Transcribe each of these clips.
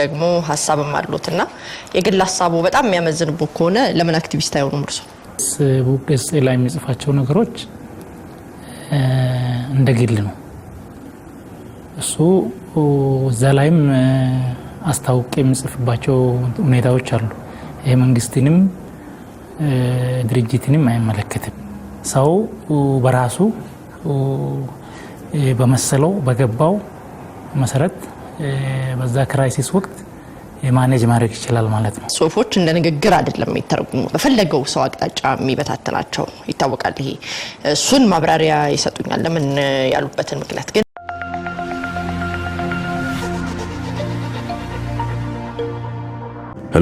ደግሞ ሀሳብም አሉት እና የግል ሀሳቡ በጣም የሚያመዝንቡ ከሆነ ለምን አክቲቪስት አይሆኑም? እርሶ ፌስቡክ ገጽ ላይ የሚጽፋቸው ነገሮች እንደ ግል ነው። እሱ እዛ ላይም አስታውቅ የሚጽፍባቸው ሁኔታዎች አሉ። ይህ መንግስትንም ድርጅትንም አይመለከትም። ሰው በራሱ በመሰለው በገባው መሰረት በዛ ክራይሲስ ወቅት የማኔጅ ማድረግ ይችላል ማለት ነው። ጽሁፎች እንደ ንግግር አይደለም የሚተረጉሙ በፈለገው ሰው አቅጣጫ የሚበታትናቸው ይታወቃል። ይሄ እሱን ማብራሪያ ይሰጡኛል ለምን ያሉበትን ምክንያት ግን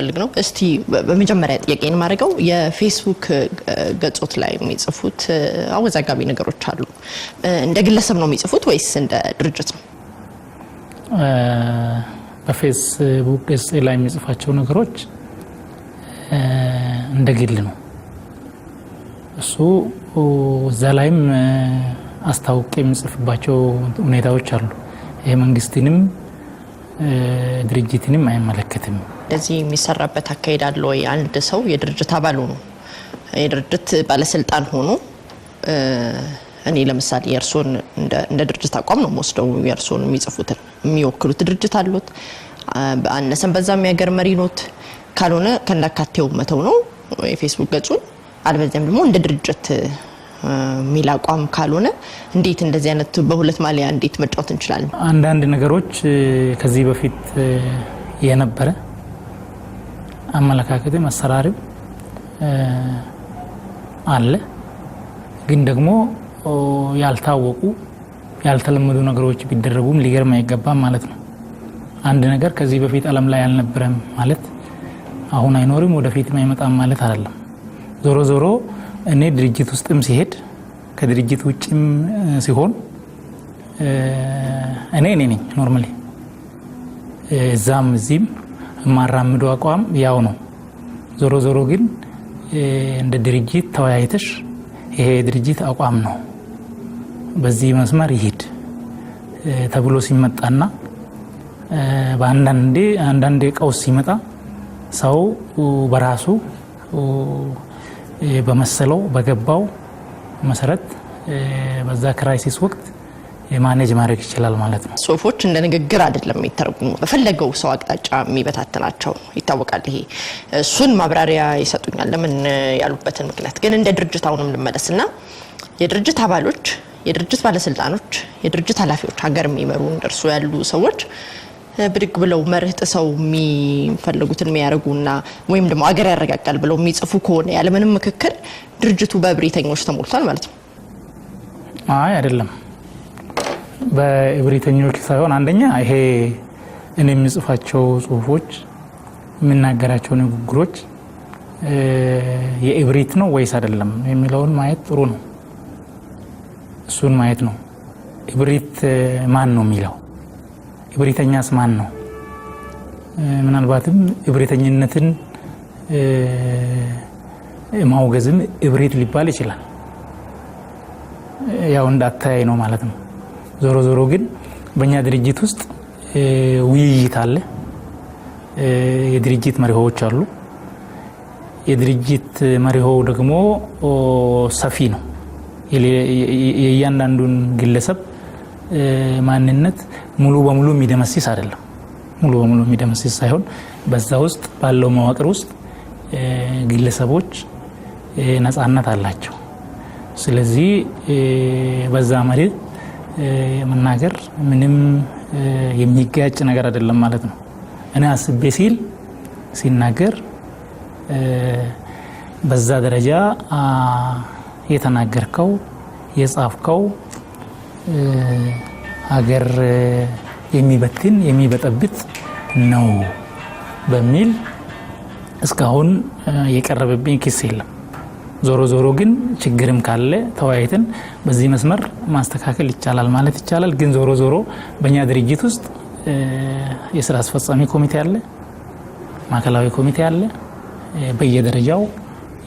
ስለምፈልግ ነው። እስቲ በመጀመሪያ ጥያቄን ማድረገው የፌስቡክ ገጾት ላይ የሚጽፉት አወዛጋቢ ነገሮች አሉ። እንደ ግለሰብ ነው የሚጽፉት ወይስ እንደ ድርጅት ነው? በፌስቡክ ገጽ ላይ የሚጽፋቸው ነገሮች እንደ ግል ነው። እሱ እዛ ላይም አስታውቅ የሚጽፍባቸው ሁኔታዎች አሉ። ይህ መንግስትንም ድርጅትንም አይመለከትም። እንደዚህ የሚሰራበት አካሄድ አለ ወይ? አንድ ሰው የድርጅት አባል ሆኖ የድርጅት ባለስልጣን ሆኖ እኔ ለምሳሌ የእርሶን እንደ ድርጅት አቋም ነው ወስደው የእርሶን የሚጽፉትን የሚወክሉት ድርጅት አሉት አነሰን በዛ የሚያገር መሪ ኖት ካልሆነ ከናካቴው መተው ነው የፌስቡክ ገጹን አልበዚያም ደግሞ እንደ ድርጅት የሚል አቋም ካልሆነ እንዴት እንደዚህ አይነት በሁለት ማሊያ እንዴት መጫወት እንችላለን? አንዳንድ ነገሮች ከዚህ በፊት የነበረ አመለካከትም አሰራርም አለ። ግን ደግሞ ያልታወቁ ያልተለመዱ ነገሮች ቢደረጉም ሊገርም አይገባም ማለት ነው። አንድ ነገር ከዚህ በፊት ዓለም ላይ አልነበረም ማለት አሁን አይኖርም ወደፊትም አይመጣም ማለት አይደለም። ዞሮ ዞሮ እኔ ድርጅት ውስጥም ሲሄድ ከድርጅት ውጭም ሲሆን እኔ እኔ ነኝ ኖርማሊ እዛም እዚህም የማራምዱ አቋም ያው ነው። ዞሮ ዞሮ ግን እንደ ድርጅት ተወያይተሽ ይሄ የድርጅት አቋም ነው፣ በዚህ መስመር ይሄድ ተብሎ ሲመጣና በአንዳንዴ አንዳንዴ ቀውስ ሲመጣ ሰው በራሱ በመሰለው በገባው መሰረት በዛ ክራይሲስ ወቅት ማኔጅ ማድረግ ይችላል ማለት ነው። ጽሁፎች እንደ ንግግር አይደለም የሚተረጉሙ በፈለገው ሰው አቅጣጫ የሚበታትናቸው ይታወቃል። ይሄ እሱን ማብራሪያ ይሰጡኛል ለምን ያሉበትን ምክንያት። ግን እንደ ድርጅት አሁንም ልመለስና የድርጅት አባሎች፣ የድርጅት ባለስልጣኖች፣ የድርጅት ኃላፊዎች፣ ሀገር የሚመሩ እንደርሱ ያሉ ሰዎች ብድግ ብለው መርህ ጥሰው የሚፈልጉትን የሚያደርጉና ወይም ደግሞ አገር ያረጋጋል ብለው የሚጽፉ ከሆነ ያለምንም ምክክር ድርጅቱ በእብሪተኞች ተሞልቷል ማለት ነው። አይ አይደለም። በእብሪተኞች ሳይሆን አንደኛ ይሄ እኔ የምጽፋቸው ጽሁፎች የምናገራቸው ንግግሮች የእብሪት ነው ወይስ አይደለም የሚለውን ማየት ጥሩ ነው። እሱን ማየት ነው። እብሪት ማን ነው የሚለው እብሪተኛስ ማን ነው? ምናልባትም እብሪተኝነትን ማውገዝም እብሪት ሊባል ይችላል። ያው እንዳታያይ ነው ማለት ነው። ዞሮ ዞሮ ግን በእኛ ድርጅት ውስጥ ውይይት አለ። የድርጅት መሪሆዎች አሉ። የድርጅት መሪሆ ደግሞ ሰፊ ነው። የእያንዳንዱን ግለሰብ ማንነት ሙሉ በሙሉ የሚደመስስ አይደለም። ሙሉ በሙሉ የሚደመስስ ሳይሆን በዛ ውስጥ ባለው መዋቅር ውስጥ ግለሰቦች ነፃነት አላቸው። ስለዚህ በዛ መሪ መናገር ምንም የሚጋጭ ነገር አይደለም ማለት ነው። እኔ አስቤ ሲል ሲናገር በዛ ደረጃ የተናገርከው የጻፍከው ሀገር የሚበትን የሚበጠብጥ ነው በሚል እስካሁን የቀረበብኝ ክስ የለም። ዞሮ ዞሮ ግን ችግርም ካለ ተወያይተን በዚህ መስመር ማስተካከል ይቻላል ማለት ይቻላል። ግን ዞሮ ዞሮ በእኛ ድርጅት ውስጥ የስራ አስፈጻሚ ኮሚቴ አለ፣ ማዕከላዊ ኮሚቴ አለ፣ በየደረጃው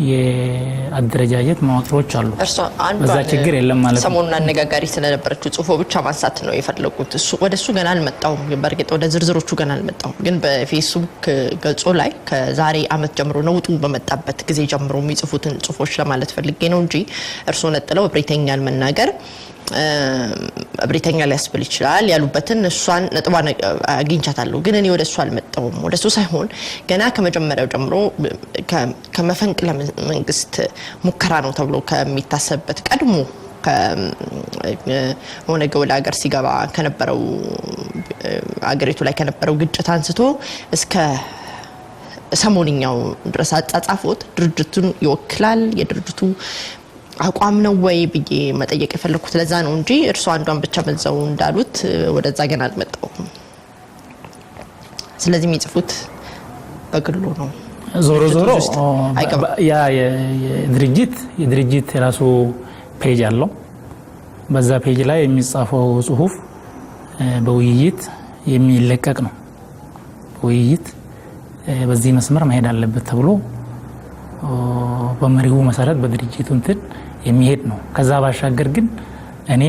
የአደረጃጀት መዋቅሮች አሉ። እዛ ችግር የለም ማለት ነው። ሰሞኑን አነጋጋሪ ስለነበረችው ጽሁፎ ብቻ ማንሳት ነው የፈለጉት። ወደ እሱ ገና አልመጣሁም፣ በእርግጥ ወደ ዝርዝሮቹ ገና አልመጣሁም። ግን በፌስቡክ ገጾ ላይ ከዛሬ አመት ጀምሮ ነውጡ በመጣበት ጊዜ ጀምሮ የሚጽፉትን ጽሁፎች ለማለት ፈልጌ ነው እንጂ እርስዎ ነጥለው እብሪተኛን መናገር ብሪተኛ ሊያስብል ይችላል ያሉበትን እሷን ነጥቧን አግኝቻታለሁ። ግን እኔ ወደ እሱ አልመጣውም ወደ እሱ ሳይሆን ገና ከመጀመሪያው ጀምሮ ከመፈንቅለ መንግስት ሙከራ ነው ተብሎ ከሚታሰብበት ቀድሞ ኦነግ ወደ ሀገር ሲገባ ከነበረው አገሪቱ ላይ ከነበረው ግጭት አንስቶ እስከ ሰሞንኛው ድረስ አጻጻፎት ድርጅቱን ይወክላል። የድርጅቱ አቋም ነው ወይ ብዬ መጠየቅ የፈለግኩት ለዛ ነው እንጂ እርሱ አንዷን ብቻ በዛው እንዳሉት ወደዛ ገና አልመጣሁም። ስለዚህ የሚጽፉት በግሉ ነው። ዞሮ ዞሮ ያ የድርጅት የራሱ ፔጅ አለው። በዛ ፔጅ ላይ የሚጻፈው ጽሁፍ በውይይት የሚለቀቅ ነው። ውይይት በዚህ መስመር መሄድ አለበት ተብሎ በመሪው መሰረት በድርጅቱ እንትን የሚሄድ ነው። ከዛ ባሻገር ግን እኔ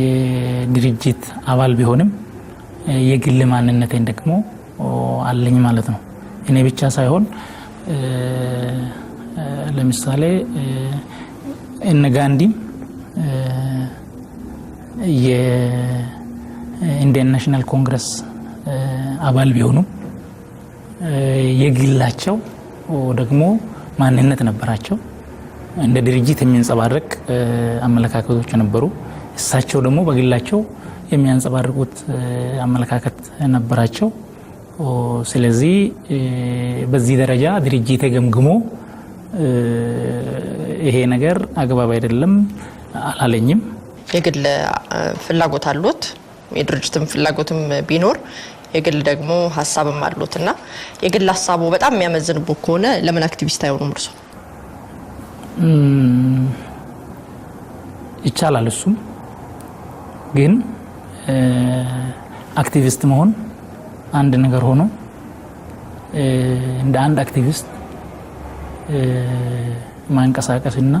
የድርጅት አባል ቢሆንም የግል ማንነቴን ደግሞ አለኝ ማለት ነው። እኔ ብቻ ሳይሆን ለምሳሌ እነ ጋንዲም የኢንዲያን ናሽናል ኮንግረስ አባል ቢሆኑም የግላቸው ደግሞ ማንነት ነበራቸው። እንደ ድርጅት የሚያንጸባርቅ አመለካከቶች ነበሩ። እሳቸው ደግሞ በግላቸው የሚያንጸባርቁት አመለካከት ነበራቸው። ስለዚህ በዚህ ደረጃ ድርጅት ገምግሞ ይሄ ነገር አግባብ አይደለም አላለኝም። የግል ፍላጎት አሉት፣ የድርጅትም ፍላጎትም ቢኖር የግል ደግሞ ሀሳብም አሉት እና የግል ሀሳቡ በጣም የሚያመዝንቦ ከሆነ ለምን አክቲቪስት አይሆኑም እርሶ? ይቻላል። እሱም ግን አክቲቪስት መሆን አንድ ነገር ሆኖ እንደ አንድ አክቲቪስት ማንቀሳቀስና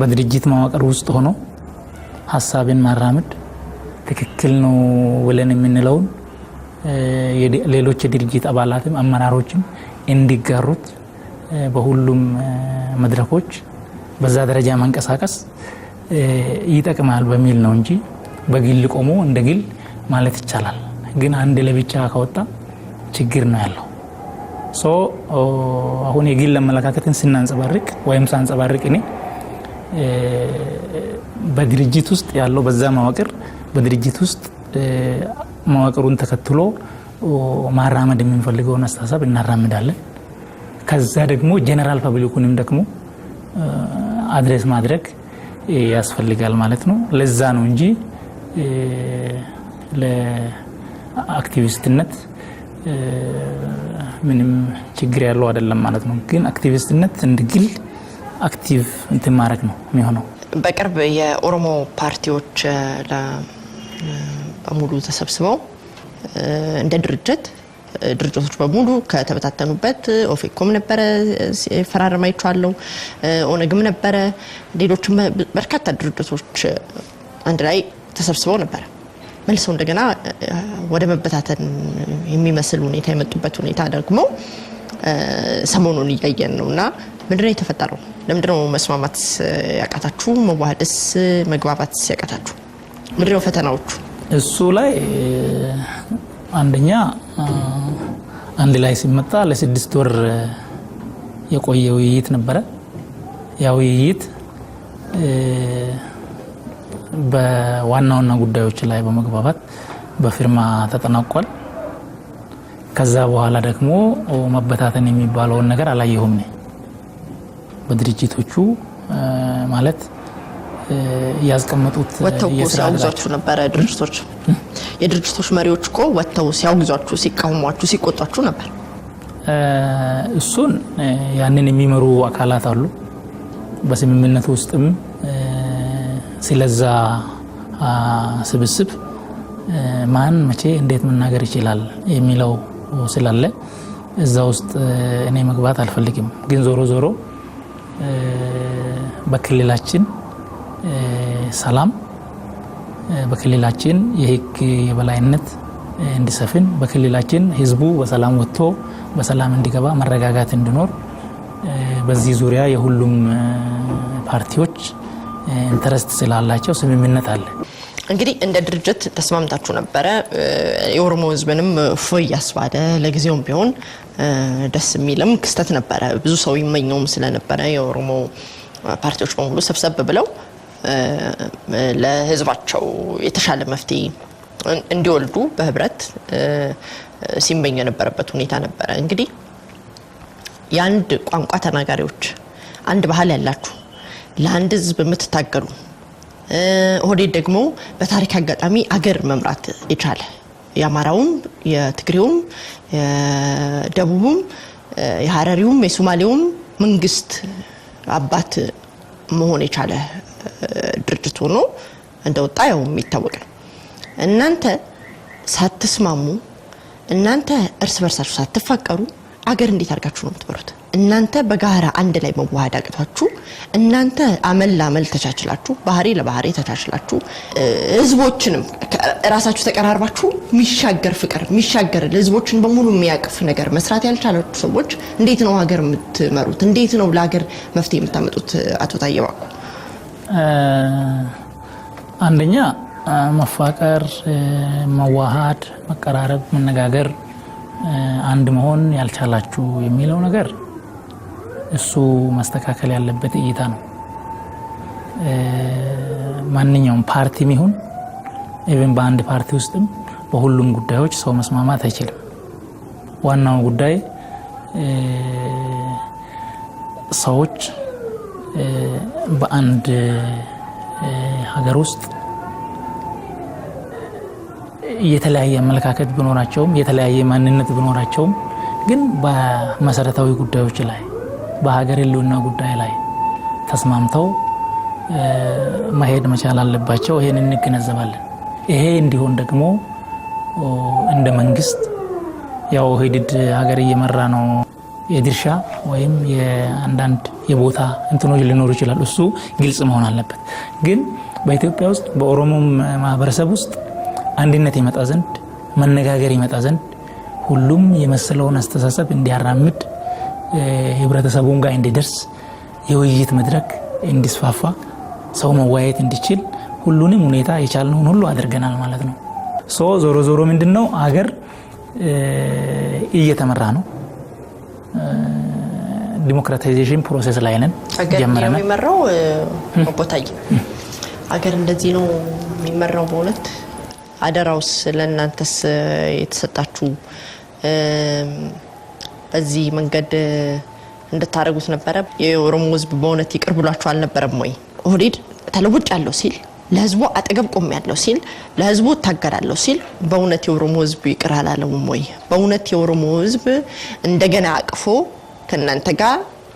በድርጅት መዋቅር ውስጥ ሆኖ ሀሳብን ማራመድ ትክክል ነው ብለን የምንለውን ሌሎች የድርጅት አባላትም አመራሮችም እንዲጋሩት በሁሉም መድረኮች በዛ ደረጃ መንቀሳቀስ ይጠቅማል በሚል ነው እንጂ በግል ቆሞ እንደ ግል ማለት ይቻላል። ግን አንድ ለብቻ ከወጣ ችግር ነው ያለው። ሶ አሁን የግል አመለካከትን ስናንጸባርቅ ወይም ሳንጸባርቅ እኔ በድርጅት ውስጥ ያለው በዛ መዋቅር በድርጅት ውስጥ መዋቅሩን ተከትሎ ማራመድ የምንፈልገውን አስተሳሰብ እናራምዳለን። ከዛ ደግሞ ጀነራል ፐብሊኩንም ደግሞ አድሬስ ማድረግ ያስፈልጋል ማለት ነው። ለዛ ነው እንጂ ለአክቲቪስትነት ምንም ችግር ያለው አይደለም ማለት ነው። ግን አክቲቪስትነት እንድግል ግል አክቲቭ እንትን ማድረግ ነው የሚሆነው። በቅርብ የኦሮሞ ፓርቲዎች በሙሉ ተሰብስበው እንደ ድርጅት ድርጅቶች በሙሉ ከተበታተኑበት ኦፌኮም ነበረ ፈራረማይቸዋለው፣ ኦነግም ነበረ፣ ሌሎችም በርካታ ድርጅቶች አንድ ላይ ተሰብስበው ነበረ። መልሰው እንደገና ወደ መበታተን የሚመስል ሁኔታ የመጡበት ሁኔታ ደግሞ ሰሞኑን እያየን ነው። እና ነው የተፈጠረው? ነው መስማማት ያቃታችሁ? መዋህደስ መግባባት ያቃታችሁ? ምንድነው ፈተናዎቹ? እሱ ላይ አንደኛ አንድ ላይ ሲመጣ ለስድስት ወር የቆየ ውይይት ነበረ። ያ ውይይት በዋና ዋና ጉዳዮች ላይ በመግባባት በፊርማ ተጠናቋል። ከዛ በኋላ ደግሞ መበታተን የሚባለውን ነገር አላየሁም። በድርጅቶቹ ማለት ያስቀመጡት ነበረ ድርጅቶች የድርጅቶች መሪዎች እኮ ወጥተው ሲያውግዟችሁ ሲቃውሟችሁ፣ ሲቆጧችሁ ነበር። እሱን ያንን የሚመሩ አካላት አሉ። በስምምነት ውስጥም ስለዛ ስብስብ ማን መቼ እንዴት መናገር ይችላል የሚለው ስላለ እዛ ውስጥ እኔ መግባት አልፈልግም። ግን ዞሮ ዞሮ በክልላችን ሰላም በክልላችን የህግ የበላይነት እንዲሰፍን በክልላችን ህዝቡ በሰላም ወጥቶ በሰላም እንዲገባ መረጋጋት እንዲኖር በዚህ ዙሪያ የሁሉም ፓርቲዎች ኢንተረስት ስላላቸው ስምምነት አለ። እንግዲህ እንደ ድርጅት ተስማምታችሁ ነበረ። የኦሮሞ ህዝብንም እፎይ እያስባለ ለጊዜውም ቢሆን ደስ የሚልም ክስተት ነበረ። ብዙ ሰው ይመኘውም ስለነበረ የኦሮሞ ፓርቲዎች በሙሉ ሰብሰብ ብለው ለህዝባቸው የተሻለ መፍትሄ እንዲወልዱ በህብረት ሲመኝ የነበረበት ሁኔታ ነበረ። እንግዲህ የአንድ ቋንቋ ተናጋሪዎች፣ አንድ ባህል ያላችሁ፣ ለአንድ ህዝብ የምትታገሉ ኦህዴድ ደግሞ በታሪክ አጋጣሚ አገር መምራት የቻለ የአማራውም፣ የትግሬውም፣ የደቡቡም፣ የሀረሪውም፣ የሶማሌውም መንግስት አባት መሆን የቻለ ድርጅት ሆኖ እንደወጣ ያው የሚታወቅ ነው። እናንተ ሳትስማሙ፣ እናንተ እርስ በርሳችሁ ሳትፋቀሩ አገር እንዴት አድርጋችሁ ነው የምትመሩት? እናንተ በጋራ አንድ ላይ መዋሃድ አቅቷችሁ፣ እናንተ አመል ለአመል ተቻችላችሁ፣ ባህሪ ለባህሪ ተቻችላችሁ፣ ህዝቦችንም ራሳችሁ ተቀራርባችሁ የሚሻገር ፍቅር የሚሻገር ህዝቦችን በሙሉ የሚያቅፍ ነገር መስራት ያልቻላችሁ ሰዎች እንዴት ነው ሀገር የምትመሩት? እንዴት ነው ለሀገር መፍትሄ የምታመጡት? አቶ ታዬ አንደኛ መፋቀር፣ መዋሃድ፣ መቀራረብ፣ መነጋገር፣ አንድ መሆን ያልቻላችሁ የሚለው ነገር እሱ መስተካከል ያለበት እይታ ነው። ማንኛውም ፓርቲም ይሁን ኢቨን በአንድ ፓርቲ ውስጥም በሁሉም ጉዳዮች ሰው መስማማት አይችልም። ዋናው ጉዳይ ሰዎች በአንድ ሀገር ውስጥ የተለያየ አመለካከት ብኖራቸውም የተለያየ ማንነት ብኖራቸውም ግን በመሰረታዊ ጉዳዮች ላይ በሀገር ሕልውና ጉዳይ ላይ ተስማምተው መሄድ መቻል አለባቸው። ይሄን እንገነዘባለን። ይሄ እንዲሆን ደግሞ እንደ መንግስት ያው ሂድድ ሀገር እየመራ ነው የድርሻ ወይም የአንዳንድ የቦታ እንትኖች ሊኖሩ ይችላሉ። እሱ ግልጽ መሆን አለበት። ግን በኢትዮጵያ ውስጥ በኦሮሞ ማህበረሰብ ውስጥ አንድነት ይመጣ ዘንድ መነጋገር ይመጣ ዘንድ ሁሉም የመሰለውን አስተሳሰብ እንዲያራምድ ህብረተሰቡን ጋር እንዲደርስ የውይይት መድረክ እንዲስፋፋ ሰው መወያየት እንዲችል ሁሉንም ሁኔታ የቻልነውን ሁሉ አድርገናል ማለት ነው። ሶ ዞሮ ዞሮ ምንድን ነው አገር እየተመራ ነው። ዲሞክራታይዜሽን ፕሮሰስ ላይ ነን። ጀምረናልየሚመራው የሚመራው አገር እንደዚህ ነው የሚመራው። በእውነት አደራውስ ለእናንተስ የተሰጣችሁ በዚህ መንገድ እንድታደረጉት ነበረ። የኦሮሞ ህዝብ በእውነት ይቅር ብሏችሁ አልነበረም ወይ? ኦህዴድ ተለውጭ ያለው ሲል ለህዝቡ አጠገብ ቆም ያለው ሲል ለህዝቡ እታገላለሁ ሲል በእውነት የኦሮሞ ህዝብ ይቅር አላለውም ወይ? በእውነት የኦሮሞ ህዝብ እንደገና አቅፎ ከእናንተ ጋር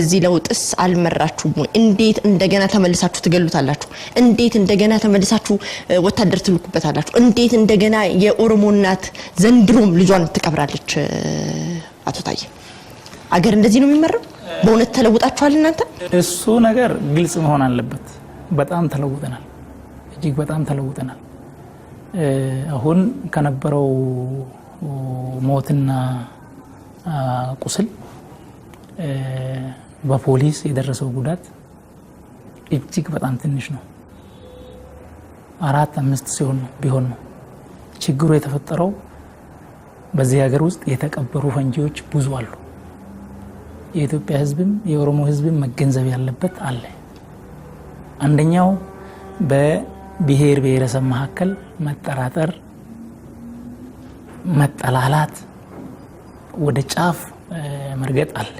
እዚህ ለውጥስ አልመራችሁም ወይ? እንዴት እንደገና ተመልሳችሁ ትገሉታላችሁ? እንዴት እንደገና ተመልሳችሁ ወታደር ትልኩበታላችሁ? እንዴት እንደገና የኦሮሞ እናት ዘንድሮም ልጇን ትቀብራለች? አቶ ታዬ አገር እንደዚህ ነው የሚመራው? በእውነት ተለውጣችኋል እናንተ? እሱ ነገር ግልጽ መሆን አለበት። በጣም ተለውጠናል። እጅግ በጣም ተለውጠናል። አሁን ከነበረው ሞትና ቁስል በፖሊስ የደረሰው ጉዳት እጅግ በጣም ትንሽ ነው። አራት አምስት ሲሆን ነው ቢሆን ነው። ችግሩ የተፈጠረው በዚህ ሀገር ውስጥ የተቀበሩ ፈንጂዎች ብዙ አሉ። የኢትዮጵያ ሕዝብም የኦሮሞ ሕዝብም መገንዘብ ያለበት አለ። አንደኛው በብሔር ብሔረሰብ መካከል መጠራጠር፣ መጠላላት ወደ ጫፍ መርገጥ አለ።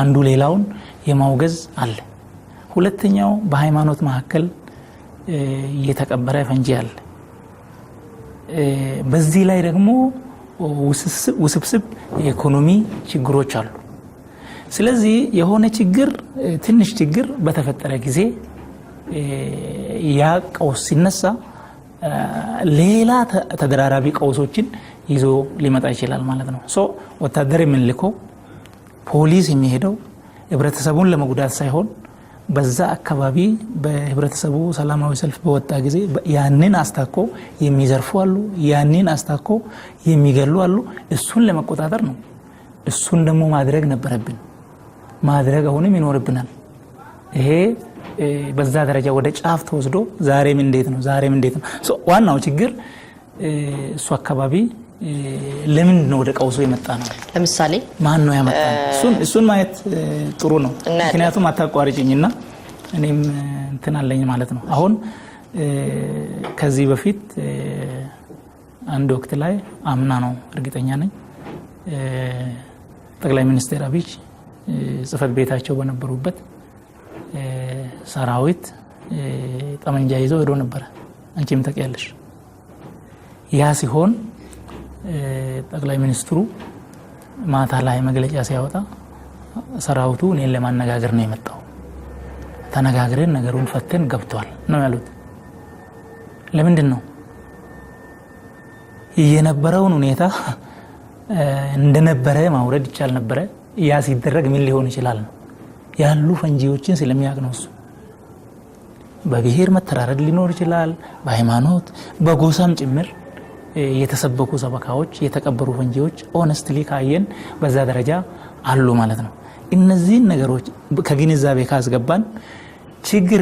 አንዱ ሌላውን የማውገዝ አለ። ሁለተኛው በሃይማኖት መካከል የተቀበረ ፈንጂ አለ። በዚህ ላይ ደግሞ ውስብስብ የኢኮኖሚ ችግሮች አሉ። ስለዚህ የሆነ ችግር ትንሽ ችግር በተፈጠረ ጊዜ ያ ቀውስ ሲነሳ ሌላ ተደራራቢ ቀውሶችን ይዞ ሊመጣ ይችላል ማለት ነው። ወታደር የምንልከው ፖሊስ የሚሄደው ህብረተሰቡን ለመጉዳት ሳይሆን በዛ አካባቢ በህብረተሰቡ ሰላማዊ ሰልፍ በወጣ ጊዜ ያንን አስታኮ የሚዘርፉ አሉ፣ ያንን አስታኮ የሚገሉ አሉ። እሱን ለመቆጣጠር ነው። እሱን ደግሞ ማድረግ ነበረብን፣ ማድረግ አሁንም ይኖርብናል። ይሄ በዛ ደረጃ ወደ ጫፍ ተወስዶ ዛሬም እንዴት ነው ዛሬም እንዴት ነው ዋናው ችግር እሱ አካባቢ ለምን ነው ወደ ቀውሱ የመጣ ነው? ለምሳሌ ማን ነው ያመጣ? እሱን ማየት ጥሩ ነው። ምክንያቱም እና እኔም እንትን አለኝ ማለት ነው። አሁን ከዚህ በፊት አንድ ወቅት ላይ አምና ነው እርግጠኛ ነኝ ጠቅላይ ሚኒስትር አብይ ጽህፈት ቤታቸው በነበሩበት ሰራዊት ጠመንጃ ይዘው ሄዶ ነበረ። አንቺም ታውቂያለሽ ያ ሲሆን ጠቅላይ ሚኒስትሩ ማታ ላይ መግለጫ ሲያወጣ ሰራዊቱ እኔን ለማነጋገር ነው የመጣው፣ ተነጋግረን ነገሩን ፈተን ገብቷል ነው ያሉት። ለምንድን ነው የነበረውን ሁኔታ እንደነበረ ማውረድ ይቻል ነበረ። ያ ሲደረግ ምን ሊሆን ይችላል ነው ያሉ ፈንጂዎችን ስለሚያውቅ ነው እሱ። በብሔር መተራረድ ሊኖር ይችላል፣ በሃይማኖት በጎሳም ጭምር የተሰበኩ ሰበካዎች፣ የተቀበሩ ፈንጂዎች ኦነስትሊ ካየን በዛ ደረጃ አሉ ማለት ነው። እነዚህን ነገሮች ከግንዛቤ ካስገባን ችግር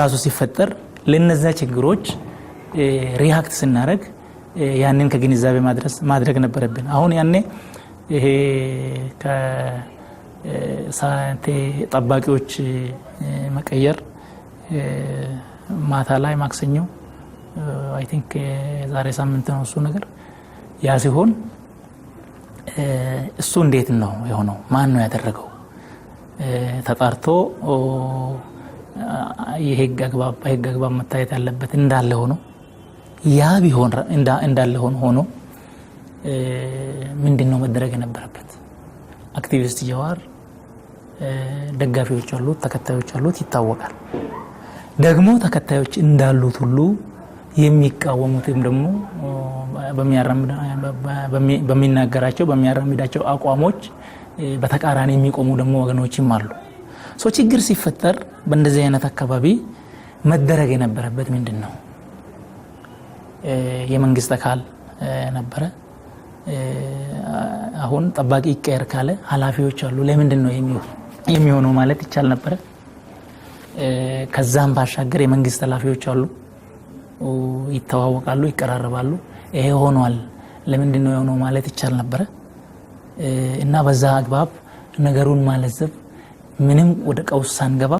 ራሱ ሲፈጠር ለነዛ ችግሮች ሪያክት ስናደረግ ያንን ከግንዛቤ ማድረግ ነበረብን። አሁን ያኔ ይሄ ጠባቂዎች መቀየር ማታ ላይ ማክሰኘው። አይ ቲንክ የዛሬ ሳምንት ነው እሱ ነገር። ያ ሲሆን እሱ እንዴት ነው የሆነው? ማን ነው ያደረገው? ተጣርቶ የህግ አግባብ በህግ አግባብ መታየት ያለበት እንዳለ ሆኖ ያ ቢሆን እንዳለ ሆኖ ሆኖ ምንድን ነው መደረግ የነበረበት? አክቲቪስት ጀዋር ደጋፊዎች አሉት፣ ተከታዮች አሉት፣ ይታወቃል። ደግሞ ተከታዮች እንዳሉት ሁሉ የሚቃወሙት ወይም ደግሞ በሚናገራቸው በሚያራምዳቸው አቋሞች በተቃራኒ የሚቆሙ ደግሞ ወገኖችም አሉ። ሶ ችግር ሲፈጠር በእንደዚህ አይነት አካባቢ መደረግ የነበረበት ምንድን ነው? የመንግስት አካል ነበረ። አሁን ጠባቂ ይቀየር ካለ ኃላፊዎች አሉ። ለምንድን ነው የሚሆነው ማለት ይቻል ነበረ። ከዛም ባሻገር የመንግስት ኃላፊዎች አሉ። ይተዋወቃሉ፣ ይቀራረባሉ። ይሄ ሆኗል። ለምንድን ነው የሆነው ማለት ይቻል ነበረ እና በዛ አግባብ ነገሩን ማለዘብ ምንም ወደ ቀውስ ሳንገባ